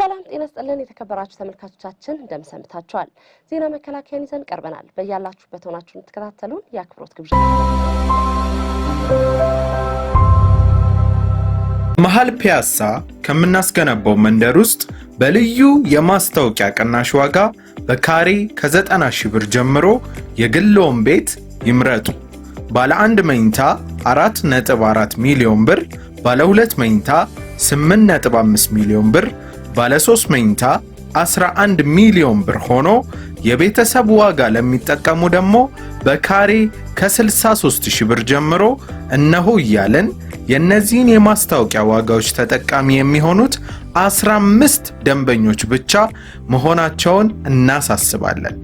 ሰላም ጤና ስጥልን። የተከበራችሁ ተመልካቾቻችን እንደምን ሰንብታችኋል? ዜና መከላከያን ይዘን ቀርበናል። በያላችሁበት ሆናችሁ እንድትከታተሉን የአክብሮት ግብዣ። መሀል ፒያሳ ከምናስገነባው መንደር ውስጥ በልዩ የማስታወቂያ ቅናሽ ዋጋ በካሬ ከ90 ሺህ ብር ጀምሮ የግልዎን ቤት ይምረጡ። ባለ አንድ መኝታ 4.4 ሚሊዮን ብር፣ ባለ ሁለት መኝታ 8.5 ሚሊዮን ብር ባለ 3 መኝታ 11 ሚሊዮን ብር ሆኖ የቤተሰብ ዋጋ ለሚጠቀሙ ደግሞ በካሬ ከ63 ሺህ ብር ጀምሮ እነሆ እያለን የእነዚህን የማስታወቂያ ዋጋዎች ተጠቃሚ የሚሆኑት 15 ደንበኞች ብቻ መሆናቸውን እናሳስባለን።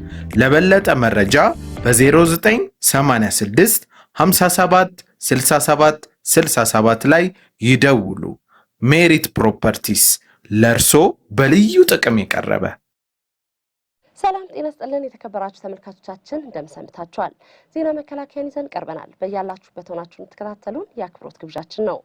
ለበለጠ መረጃ በ0986 57 67 67 ላይ ይደውሉ። ሜሪት ፕሮፐርቲስ ለእርሶ በልዩ ጥቅም የቀረበ ሰላም ጤና ስጥልን። የተከበራችሁ ተመልካቾቻችን እንደምን ሰንብታችኋል? ዜና መከላከያን ይዘን ቀርበናል። በያላችሁበት ሆናችሁ የምትከታተሉን የአክብሮት ግብዣችን ነው።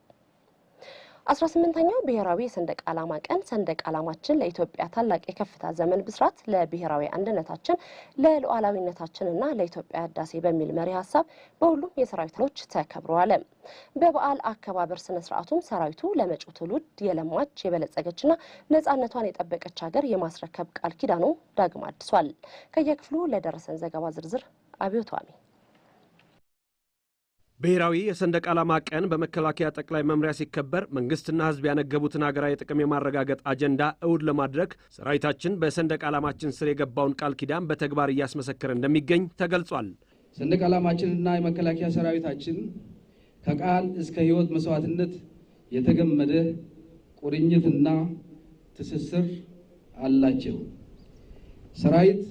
18ኛው ብሔራዊ የሰንደቅ ዓላማ ቀን ሰንደቅ ዓላማችን ለኢትዮጵያ ታላቅ የከፍታ ዘመን ብስራት፣ ለብሔራዊ አንድነታችን፣ ለሉዓላዊነታችን ለኢትዮጵያ ህዳሴ በሚል መሪ ሀሳብ በሁሉም የሰራዊት ክፍሎች ተከብረዋል። በበዓል አከባበር ስነ ስርዓቱም ሰራዊቱ ለመጪው ትውልድ የለማች የበለጸገችና ነጻነቷን የጠበቀች ሀገር የማስረከብ ቃል ኪዳኑ ዳግም አድሷል። ከየክፍሉ ለደረሰን ዘገባ ዝርዝር አብዮቷሚ ብሔራዊ የሰንደቅ ዓላማ ቀን በመከላከያ ጠቅላይ መምሪያ ሲከበር መንግስትና ሕዝብ ያነገቡትን ሀገራዊ ጥቅም የማረጋገጥ አጀንዳ እውድ ለማድረግ ሰራዊታችን በሰንደቅ ዓላማችን ስር የገባውን ቃል ኪዳን በተግባር እያስመሰከረ እንደሚገኝ ተገልጿል። ሰንደቅ ዓላማችንና የመከላከያ ሰራዊታችን ከቃል እስከ ሕይወት መስዋዕትነት የተገመደ ቁርኝትና ትስስር አላቸው። ሰራዊት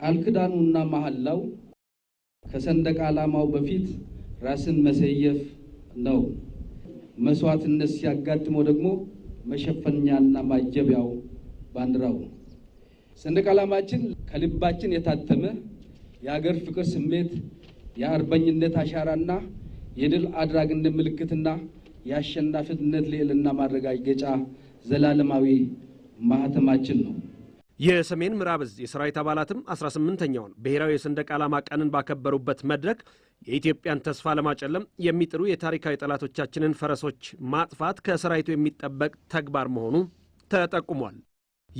ቃል ክዳኑና መሐላው ከሰንደቅ ዓላማው በፊት ራስን መሰየፍ ነው። መስዋዕትነት ሲያጋጥመው ደግሞ መሸፈኛና ማጀቢያው ባንዲራው ነው። ሰንደቅ ዓላማችን ከልባችን የታተመ የሀገር ፍቅር ስሜት፣ የአርበኝነት አሻራና የድል አድራግነት ምልክትና የአሸናፊነት ልዕልና ማረጋገጫ ዘላለማዊ ማህተማችን ነው። የሰሜን ምዕራብ የሰራዊት አባላትም 18ኛውን ብሔራዊ የሰንደቅ ዓላማ ቀንን ባከበሩበት መድረክ የኢትዮጵያን ተስፋ ለማጨለም የሚጥሩ የታሪካዊ ጠላቶቻችንን ፈረሶች ማጥፋት ከሰራዊቱ የሚጠበቅ ተግባር መሆኑ ተጠቁሟል።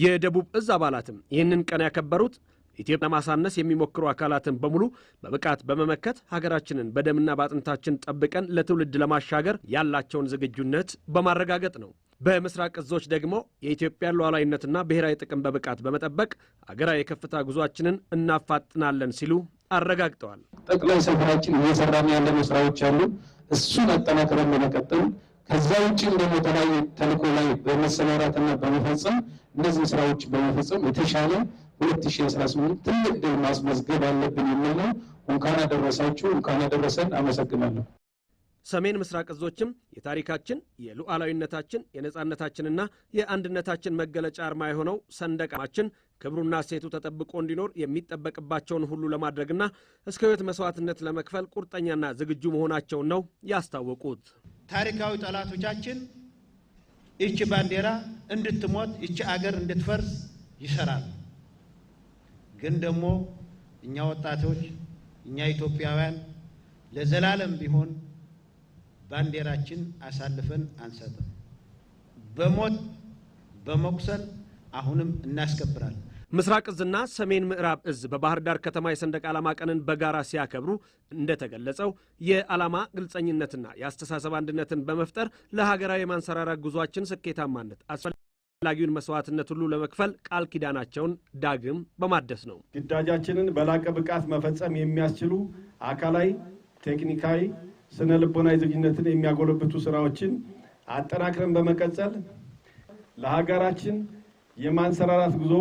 የደቡብ እዝ አባላትም ይህንን ቀን ያከበሩት ኢትዮጵያ ለማሳነስ የሚሞክሩ አካላትን በሙሉ በብቃት በመመከት ሀገራችንን በደምና በአጥንታችን ጠብቀን ለትውልድ ለማሻገር ያላቸውን ዝግጁነት በማረጋገጥ ነው። በምስራቅ እዞች ደግሞ የኢትዮጵያን ሉዓላዊነትና ብሔራዊ ጥቅም በብቃት በመጠበቅ አገራዊ የከፍታ ጉዟችንን እናፋጥናለን ሲሉ አረጋግጠዋል። ጠቅላይ ሰፈራችን እየሰራን ያለነው ስራዎች አሉ። እሱን አጠናክረን በመቀጠል ከዛ ውጭም ደግሞ የተለያዩ ተልእኮ ላይ በመሰማራትና በመፈጸም እነዚህ ስራዎች በመፈጸም የተሻለ 2018 ትልቅ ድል ማስመዝገብ አለብን የሚል ነው። እንኳን አደረሳችሁ፣ እንኳን አደረሰን። አመሰግናለሁ። ሰሜን ምስራቅ እዞችም የታሪካችን የሉዓላዊነታችን የነጻነታችንና የአንድነታችን መገለጫ አርማ የሆነው ሰንደቅ ክብሩና ሴቱ ተጠብቆ እንዲኖር የሚጠበቅባቸውን ሁሉ ለማድረግና እስከ ሕይወት መስዋዕትነት ለመክፈል ቁርጠኛና ዝግጁ መሆናቸውን ነው ያስታወቁት። ታሪካዊ ጠላቶቻችን ይቺ ባንዲራ እንድትሞት፣ ይቺ አገር እንድትፈርስ ይሰራል። ግን ደግሞ እኛ ወጣቶች እኛ ኢትዮጵያውያን ለዘላለም ቢሆን ባንዲራችን አሳልፈን አንሰጥም። በሞት በመቁሰል አሁንም እናስከብራለን። ምስራቅ እዝና ሰሜን ምዕራብ እዝ በባህር ዳር ከተማ የሰንደቅ ዓላማ ቀንን በጋራ ሲያከብሩ እንደተገለጸው የዓላማ ግልጸኝነትና የአስተሳሰብ አንድነትን በመፍጠር ለሀገራዊ የማንሰራራት ጉዟችን ስኬታማነት አስፈላጊውን መስዋዕትነት ሁሉ ለመክፈል ቃል ኪዳናቸውን ዳግም በማደስ ነው። ግዳጃችንን በላቀ ብቃት መፈጸም የሚያስችሉ አካላዊ፣ ቴክኒካዊ ስነ ልቦናዊ ዝግጁነትን የሚያጎለብቱ ስራዎችን አጠናክረን በመቀጠል ለሀገራችን የማንሰራራት ጉዞ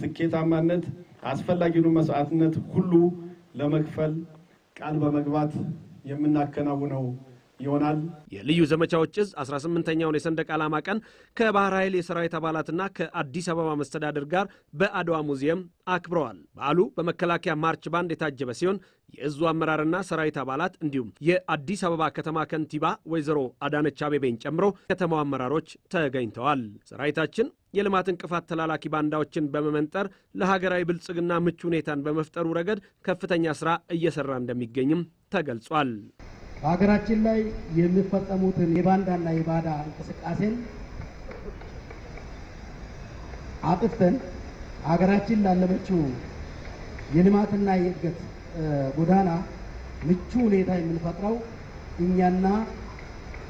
ስኬታማነት አስፈላጊውን መስዋዕትነት ሁሉ ለመክፈል ቃል በመግባት የምናከናውነው ይሆናል። የልዩ ዘመቻዎች እዝ 18ኛውን የሰንደቅ ዓላማ ቀን ከባህር ኃይል የሰራዊት አባላትና ከአዲስ አበባ መስተዳድር ጋር በአድዋ ሙዚየም አክብረዋል። በዓሉ በመከላከያ ማርች ባንድ የታጀበ ሲሆን የእዙ አመራርና ሰራዊት አባላት እንዲሁም የአዲስ አበባ ከተማ ከንቲባ ወይዘሮ አዳነች አቤቤን ጨምሮ ከተማው አመራሮች ተገኝተዋል። ሰራዊታችን የልማት እንቅፋት ተላላኪ ባንዳዎችን በመመንጠር ለሀገራዊ ብልጽግና ምቹ ሁኔታን በመፍጠሩ ረገድ ከፍተኛ ስራ እየሰራ እንደሚገኝም ተገልጿል። በሀገራችን ላይ የሚፈጸሙትን የባንዳና የባዳ እንቅስቃሴን አጥፍተን ሀገራችን ላለመችው የልማትና የእድገት ጎዳና ምቹ ሁኔታ የምንፈጥረው እኛና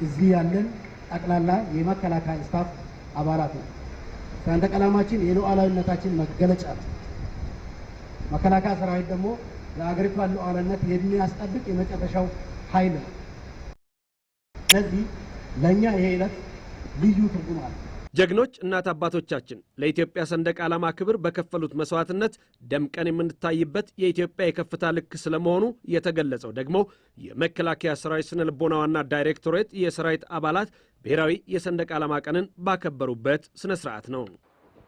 እዚህ ያለን ጠቅላላ የመከላከያ ስታፍ አባላት ነው። ሰንደቅ ዓላማችን የሉዓላዊነታችን መገለጫ ነው። መከላከያ ሰራዊት ደግሞ ለአገሪቷን ሉዓላዊነት የሚያስጠብቅ የመጨረሻው ኃይል ነው። ስለዚህ ለእኛ ይሄ ዕለት ልዩ ትርጉም አለ። ጀግኖች እናት አባቶቻችን ለኢትዮጵያ ሰንደቅ ዓላማ ክብር በከፈሉት መስዋዕትነት ደምቀን የምንታይበት የኢትዮጵያ የከፍታ ልክ ስለመሆኑ የተገለጸው ደግሞ የመከላከያ ሰራዊት ስነ ልቦና ዋና ዳይሬክቶሬት የሰራዊት አባላት ብሔራዊ የሰንደቅ ዓላማ ቀንን ባከበሩበት ስነ ስርዓት ነው።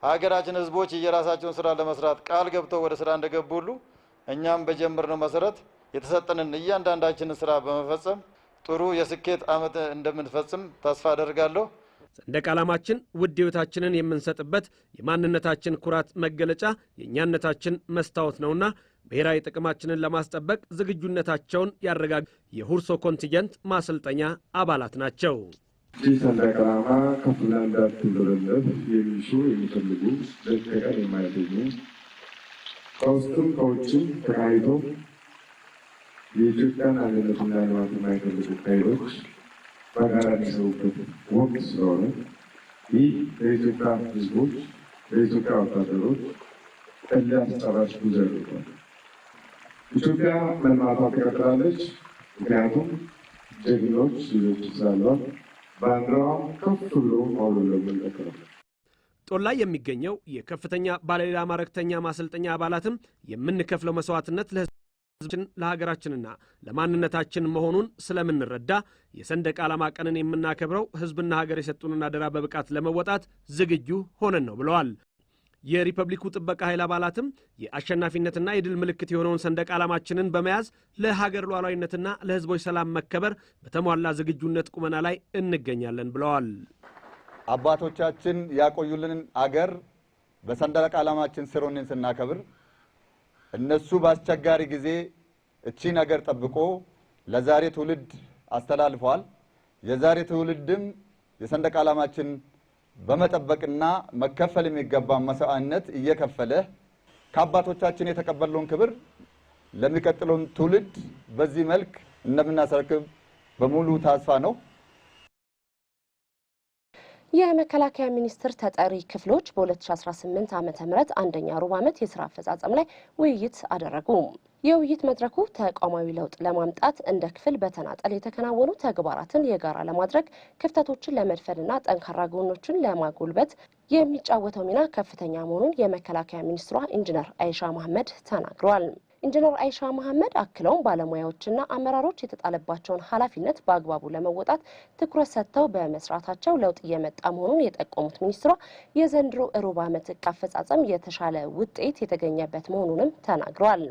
ሀገራችን ህዝቦች የየራሳቸውን ስራ ለመስራት ቃል ገብተው ወደ ስራ እንደገቡ ሁሉ እኛም በጀመርነው መሰረት የተሰጠንን እያንዳንዳችንን ስራ በመፈጸም ጥሩ የስኬት ዓመት እንደምንፈጽም ተስፋ አደርጋለሁ። ሰንደቅ ዓላማችን ውድ የምንሰጥበት የማንነታችን ኩራት መገለጫ የእኛነታችን መስታወት ነውና ብሔራዊ ጥቅማችንን ለማስጠበቅ ዝግጁነታቸውን ያረጋግ የሁርሶ ኮንቲንጀንት ማሰልጠኛ አባላት ናቸው። ይህ ሰንደቅ ዓላማ ከፍላንዳት ትብርነት የሚሹ የሚፈልጉ ደቀቀን የማይገኙ ከውስጥም ከውጭም ተካሂዶ የኢትዮጵያን አንድነትና ልማት የማይፈልጉ ኃይሎች በጋራ የሚሰሩበት ወቅት ስለሆነ ይህ ለኢትዮጵያ ሕዝቦች ለኢትዮጵያ ወታደሮች እልህ አስጨራሽ ጉዞ አድርጓል። ኢትዮጵያ መልማቷ ትቀጥላለች። ምክንያቱም ጀግኖች ልጆች ስላሏት ባንዲራዋም ከፍ ብሎ አውሎ ለመለቅ ነው። ጦር ላይ የሚገኘው የከፍተኛ ባለሌላ ማረግተኛ ማሰልጠኛ አባላትም የምንከፍለው መስዋዕትነት ለህዝባችን ለሀገራችንና ለማንነታችን መሆኑን ስለምንረዳ የሰንደቅ ዓላማ ቀንን የምናከብረው ህዝብና ሀገር የሰጡንን አደራ በብቃት ለመወጣት ዝግጁ ሆነን ነው ብለዋል። የሪፐብሊኩ ጥበቃ ኃይል አባላትም የአሸናፊነትና የድል ምልክት የሆነውን ሰንደቅ ዓላማችንን በመያዝ ለሀገር ሉዓላዊነትና ለህዝቦች ሰላም መከበር በተሟላ ዝግጁነት ቁመና ላይ እንገኛለን ብለዋል። አባቶቻችን ያቆዩልንን አገር በሰንደቅ ዓላማችን ስሮንን ስናከብር እነሱ በአስቸጋሪ ጊዜ እቺን አገር ጠብቆ ለዛሬ ትውልድ አስተላልፈዋል። የዛሬ ትውልድም የሰንደቅ ዓላማችን በመጠበቅና መከፈል የሚገባ መስዋዕትነት እየከፈለ ከአባቶቻችን የተቀበለውን ክብር ለሚቀጥለውን ትውልድ በዚህ መልክ እንደምናስረክብ በሙሉ ተስፋ ነው። የመከላከያ ሚኒስቴር ተጠሪ ክፍሎች በ2018 ዓ ም አንደኛ ሩብ ዓመት የስራ አፈጻጸም ላይ ውይይት አደረጉ። የውይይት መድረኩ ተቋማዊ ለውጥ ለማምጣት እንደ ክፍል በተናጠል የተከናወኑ ተግባራትን የጋራ ለማድረግ ክፍተቶችን ለመድፈንና ጠንካራ ጎኖችን ለማጎልበት የሚጫወተው ሚና ከፍተኛ መሆኑን የመከላከያ ሚኒስትሯ ኢንጂነር አይሻ መሐመድ ተናግረዋል። ኢንጂነር አይሻ መሐመድ አክለውም ባለሙያዎችና አመራሮች የተጣለባቸውን ኃላፊነት በአግባቡ ለመወጣት ትኩረት ሰጥተው በመስራታቸው ለውጥ እየመጣ መሆኑን የጠቆሙት ሚኒስትሯ የዘንድሮ ሩብ ዓመት እቅድ አፈጻጸም የተሻለ ውጤት የተገኘበት መሆኑንም ተናግረዋል።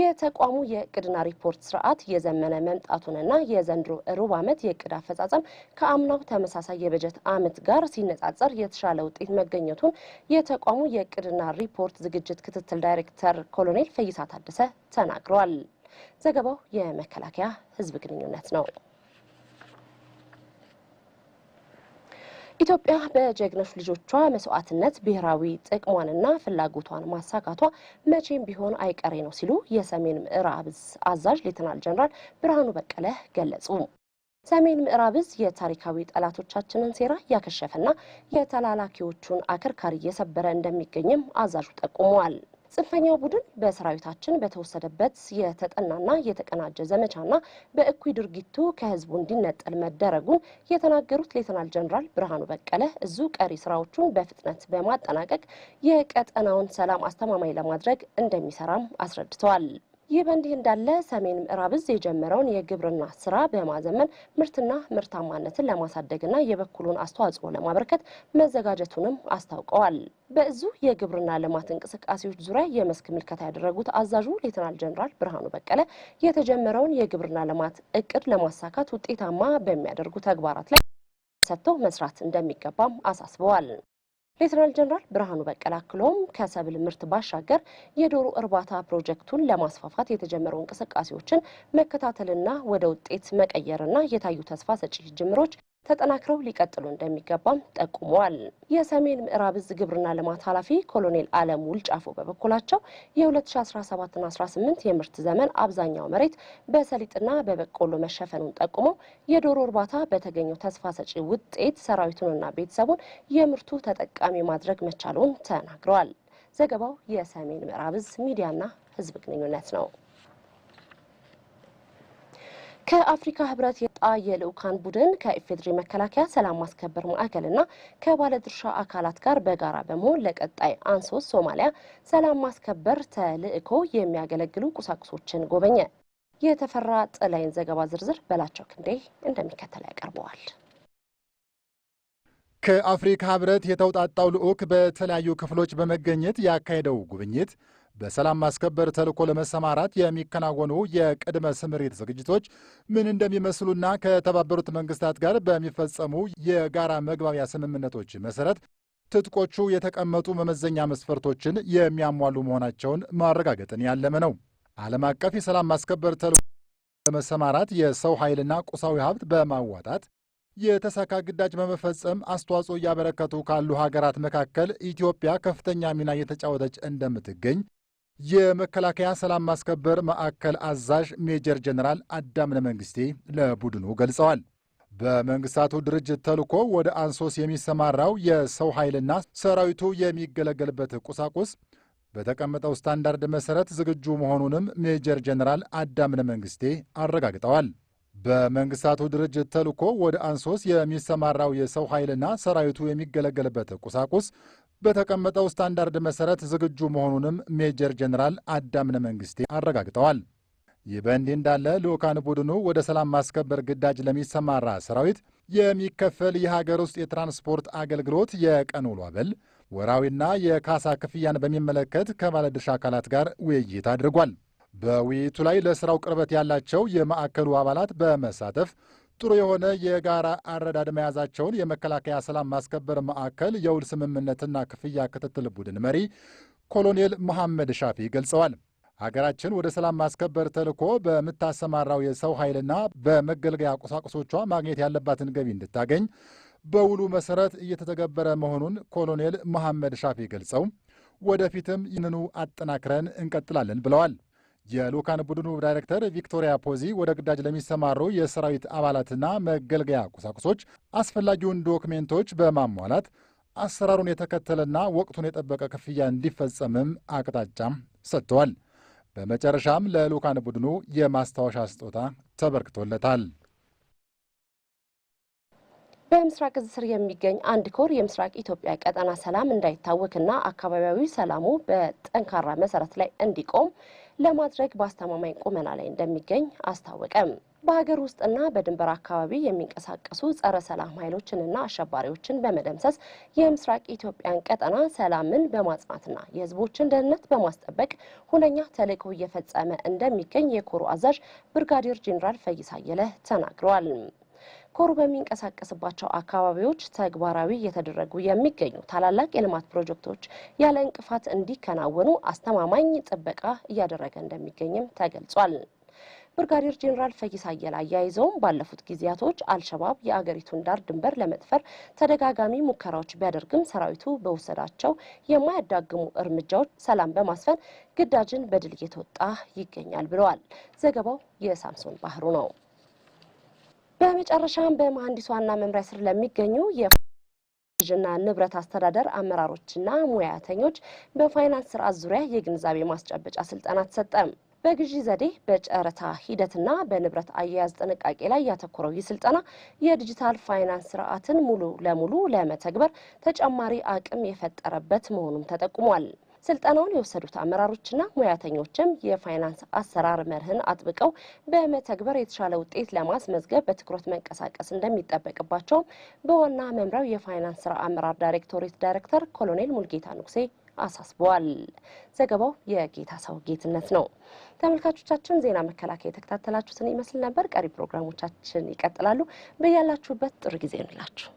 የተቋሙ የእቅድና ሪፖርት ስርዓት የዘመነ መምጣቱንና የዘንድሮ ሩብ ዓመት የእቅድ አፈጻጸም ከአምናው ተመሳሳይ የበጀት ዓመት ጋር ሲነጻጸር የተሻለ ውጤት መገኘቱን የተቋሙ የእቅድና ሪፖርት ዝግጅት ክትትል ዳይሬክተር ኮሎኔል ፈይሳ ታደሰ ተናግረዋል። ዘገባው የመከላከያ ህዝብ ግንኙነት ነው። ኢትዮጵያ በጀግኖች ልጆቿ መስዋዕትነት ብሔራዊ ጥቅሟንና ፍላጎቷን ማሳካቷ መቼም ቢሆን አይቀሬ ነው ሲሉ የሰሜን ምዕራብ አዛዥ ሌተናል ጀነራል ብርሃኑ በቀለ ገለጹ። ሰሜን ምዕራብ የታሪካዊ ጠላቶቻችንን ሴራ እያከሸፈና የተላላኪዎቹን አከርካሪ እየሰበረ እንደሚገኝም አዛዡ ጠቁመዋል። ጽንፈኛው ቡድን በሰራዊታችን በተወሰደበት የተጠናና የተቀናጀ ዘመቻና በእኩይ ድርጊቱ ከህዝቡ እንዲነጠል መደረጉን የተናገሩት ሌተናል ጀኔራል ብርሃኑ በቀለ እዙ ቀሪ ስራዎቹን በፍጥነት በማጠናቀቅ የቀጠናውን ሰላም አስተማማኝ ለማድረግ እንደሚሰራም አስረድተዋል። ይህ በእንዲህ እንዳለ ሰሜን ምዕራብ እዝ የጀመረውን የግብርና ስራ በማዘመን ምርትና ምርታማነትን ለማሳደግና የበኩሉን አስተዋጽኦ ለማበረከት መዘጋጀቱንም አስታውቀዋል። በእዙ የግብርና ልማት እንቅስቃሴዎች ዙሪያ የመስክ ምልከታ ያደረጉት አዛዡ ሌተናል ጀኔራል ብርሃኑ በቀለ የተጀመረውን የግብርና ልማት እቅድ ለማሳካት ውጤታማ በሚያደርጉ ተግባራት ላይ ሰጥቶ መስራት እንደሚገባም አሳስበዋል። ሌትናል ጀነራል ብርሃኑ በቀለ አክሎም ከሰብል ምርት ባሻገር የዶሮ እርባታ ፕሮጀክቱን ለማስፋፋት የተጀመሩ እንቅስቃሴዎችን መከታተልና ወደ ውጤት መቀየርና የታዩ ተስፋ ሰጪ ጅምሮች ተጠናክረው ሊቀጥሉ እንደሚገባም ጠቁመዋል። የሰሜን ምዕራብ እዝ ግብርና ልማት ኃላፊ ኮሎኔል አለም ውልጫፎ በበኩላቸው የ 2017 18 የምርት ዘመን አብዛኛው መሬት በሰሊጥና በበቆሎ መሸፈኑን ጠቁመው የዶሮ እርባታ በተገኘው ተስፋ ሰጪ ውጤት ሰራዊቱንና ቤተሰቡን የምርቱ ተጠቃሚ ማድረግ መቻሉን ተናግረዋል። ዘገባው የሰሜን ምዕራብ እዝ ሚዲያና ህዝብ ግንኙነት ነው። ከአፍሪካ ህብረት የጣ የልኡካን ቡድን ከኢፌድሪ መከላከያ ሰላም ማስከበር ማዕከልና ከባለድርሻ አካላት ጋር በጋራ በመሆን ለቀጣይ አንሶስ ሶማሊያ ሰላም ማስከበር ተልዕኮ የሚያገለግሉ ቁሳቁሶችን ጎበኘ። የተፈራ ጥላይን ዘገባ ዝርዝር በላቸው ክንዴ እንደሚከተል ያቀርበዋል። ከአፍሪካ ህብረት የተውጣጣው ልዑክ በተለያዩ ክፍሎች በመገኘት ያካሄደው ጉብኝት በሰላም ማስከበር ተልዕኮ ለመሰማራት የሚከናወኑ የቅድመ ስምሪት ዝግጅቶች ምን እንደሚመስሉና ከተባበሩት መንግስታት ጋር በሚፈጸሙ የጋራ መግባቢያ ስምምነቶች መሰረት ትጥቆቹ የተቀመጡ መመዘኛ መስፈርቶችን የሚያሟሉ መሆናቸውን ማረጋገጥን ያለመ ነው። ዓለም አቀፍ የሰላም ማስከበር ተልዕኮ ለመሰማራት የሰው ኃይልና ቁሳዊ ሀብት በማዋጣት የተሳካ ግዳጅ በመፈጸም አስተዋጽኦ እያበረከቱ ካሉ ሀገራት መካከል ኢትዮጵያ ከፍተኛ ሚና እየተጫወተች እንደምትገኝ የመከላከያ ሰላም ማስከበር ማዕከል አዛዥ ሜጀር ጀነራል አዳምነ መንግስቴ ለቡድኑ ገልጸዋል። በመንግስታቱ ድርጅት ተልኮ ወደ አንሶስ የሚሰማራው የሰው ኃይልና ሰራዊቱ የሚገለገልበት ቁሳቁስ በተቀመጠው ስታንዳርድ መሠረት ዝግጁ መሆኑንም ሜጀር ጀነራል አዳምነ መንግስቴ አረጋግጠዋል። በመንግስታቱ ድርጅት ተልኮ ወደ አንሶስ የሚሰማራው የሰው ኃይልና ሰራዊቱ የሚገለገልበት ቁሳቁስ በተቀመጠው ስታንዳርድ መሰረት ዝግጁ መሆኑንም ሜጀር ጀነራል አዳምነ መንግስቴ አረጋግጠዋል። ይህ በእንዲህ እንዳለ ልዑካን ቡድኑ ወደ ሰላም ማስከበር ግዳጅ ለሚሰማራ ሰራዊት የሚከፈል የሀገር ውስጥ የትራንስፖርት አገልግሎት የቀን ውሎ አበል፣ ወራዊና የካሳ ክፍያን በሚመለከት ከባለድርሻ አካላት ጋር ውይይት አድርጓል። በውይይቱ ላይ ለስራው ቅርበት ያላቸው የማዕከሉ አባላት በመሳተፍ ጥሩ የሆነ የጋራ አረዳድ መያዛቸውን የመከላከያ ሰላም ማስከበር ማዕከል የውል ስምምነትና ክፍያ ክትትል ቡድን መሪ ኮሎኔል መሐመድ ሻፊ ገልጸዋል። ሀገራችን ወደ ሰላም ማስከበር ተልዕኮ በምታሰማራው የሰው ኃይልና በመገልገያ ቁሳቁሶቿ ማግኘት ያለባትን ገቢ እንድታገኝ በውሉ መሰረት እየተተገበረ መሆኑን ኮሎኔል መሐመድ ሻፊ ገልጸው ወደፊትም ይህንኑ አጠናክረን እንቀጥላለን ብለዋል። የልኡካን ቡድኑ ዳይሬክተር ቪክቶሪያ ፖዚ ወደ ግዳጅ ለሚሰማሩ የሰራዊት አባላትና መገልገያ ቁሳቁሶች አስፈላጊውን ዶክሜንቶች በማሟላት አሰራሩን የተከተለና ወቅቱን የጠበቀ ክፍያ እንዲፈጸምም አቅጣጫም ሰጥተዋል። በመጨረሻም ለልኡካን ቡድኑ የማስታወሻ ስጦታ ተበርክቶለታል። በምስራቅ እዝ ስር የሚገኝ አንድ ኮር የምስራቅ ኢትዮጵያ ቀጠና ሰላም እንዳይታወክና አካባቢያዊ ሰላሙ በጠንካራ መሰረት ላይ እንዲቆም ለማድረግ በአስተማማኝ ቁመና ላይ እንደሚገኝ አስታወቀም። በሀገር ውስጥና በድንበር አካባቢ የሚንቀሳቀሱ ጸረ ሰላም ኃይሎችንና አሸባሪዎችን በመደምሰስ የምስራቅ ኢትዮጵያን ቀጠና ሰላምን በማጽናትና የሕዝቦችን ደህንነት በማስጠበቅ ሁነኛ ተልዕኮ እየፈጸመ እንደሚገኝ የኮሩ አዛዥ ብርጋዴር ጄኔራል ፈይሳ አየለ ተናግረዋል። ኮሩ በሚንቀሳቀስባቸው አካባቢዎች ተግባራዊ እየተደረጉ የሚገኙ ታላላቅ የልማት ፕሮጀክቶች ያለ እንቅፋት እንዲከናወኑ አስተማማኝ ጥበቃ እያደረገ እንደሚገኝም ተገልጿል። ብርጋዴር ጄኔራል ፈይሳ አየል አያይዘውም ባለፉት ጊዜያቶች አልሸባብ የአገሪቱን ዳር ድንበር ለመጥፈር ተደጋጋሚ ሙከራዎች ቢያደርግም ሰራዊቱ በወሰዳቸው የማያዳግሙ እርምጃዎች ሰላም በማስፈን ግዳጅን በድል እየተወጣ ይገኛል ብለዋል። ዘገባው የሳምሶን ባህሩ ነው። በመጨረሻም በመሐንዲስ ዋና መምሪያ ስር ለሚገኙ የና ንብረት አስተዳደር አመራሮችና ሙያተኞች በፋይናንስ ስርዓት ዙሪያ የግንዛቤ ማስጨበጫ ስልጠና ተሰጠ። በግዢ ዘዴ በጨረታ ሂደትና በንብረት አያያዝ ጥንቃቄ ላይ ያተኮረው ይህ ስልጠና የዲጂታል ፋይናንስ ስርዓትን ሙሉ ለሙሉ ለመተግበር ተጨማሪ አቅም የፈጠረበት መሆኑም ተጠቁሟል። ስልጠናውን የወሰዱት አመራሮችና ሙያተኞችም የፋይናንስ አሰራር መርህን አጥብቀው በመተግበር የተሻለ ውጤት ለማስመዝገብ በትኩረት መንቀሳቀስ እንደሚጠበቅባቸውም በዋና መምሪያው የፋይናንስ ስራ አመራር ዳይሬክቶሬት ዳይሬክተር ኮሎኔል ሙልጌታ ንጉሴ አሳስበዋል። ዘገባው የጌታ ሰው ጌትነት ነው። ተመልካቾቻችን ዜና መከላከያ የተከታተላችሁትን ይመስል ነበር። ቀሪ ፕሮግራሞቻችን ይቀጥላሉ። በያላችሁበት ጥሩ ጊዜ እንላችሁ።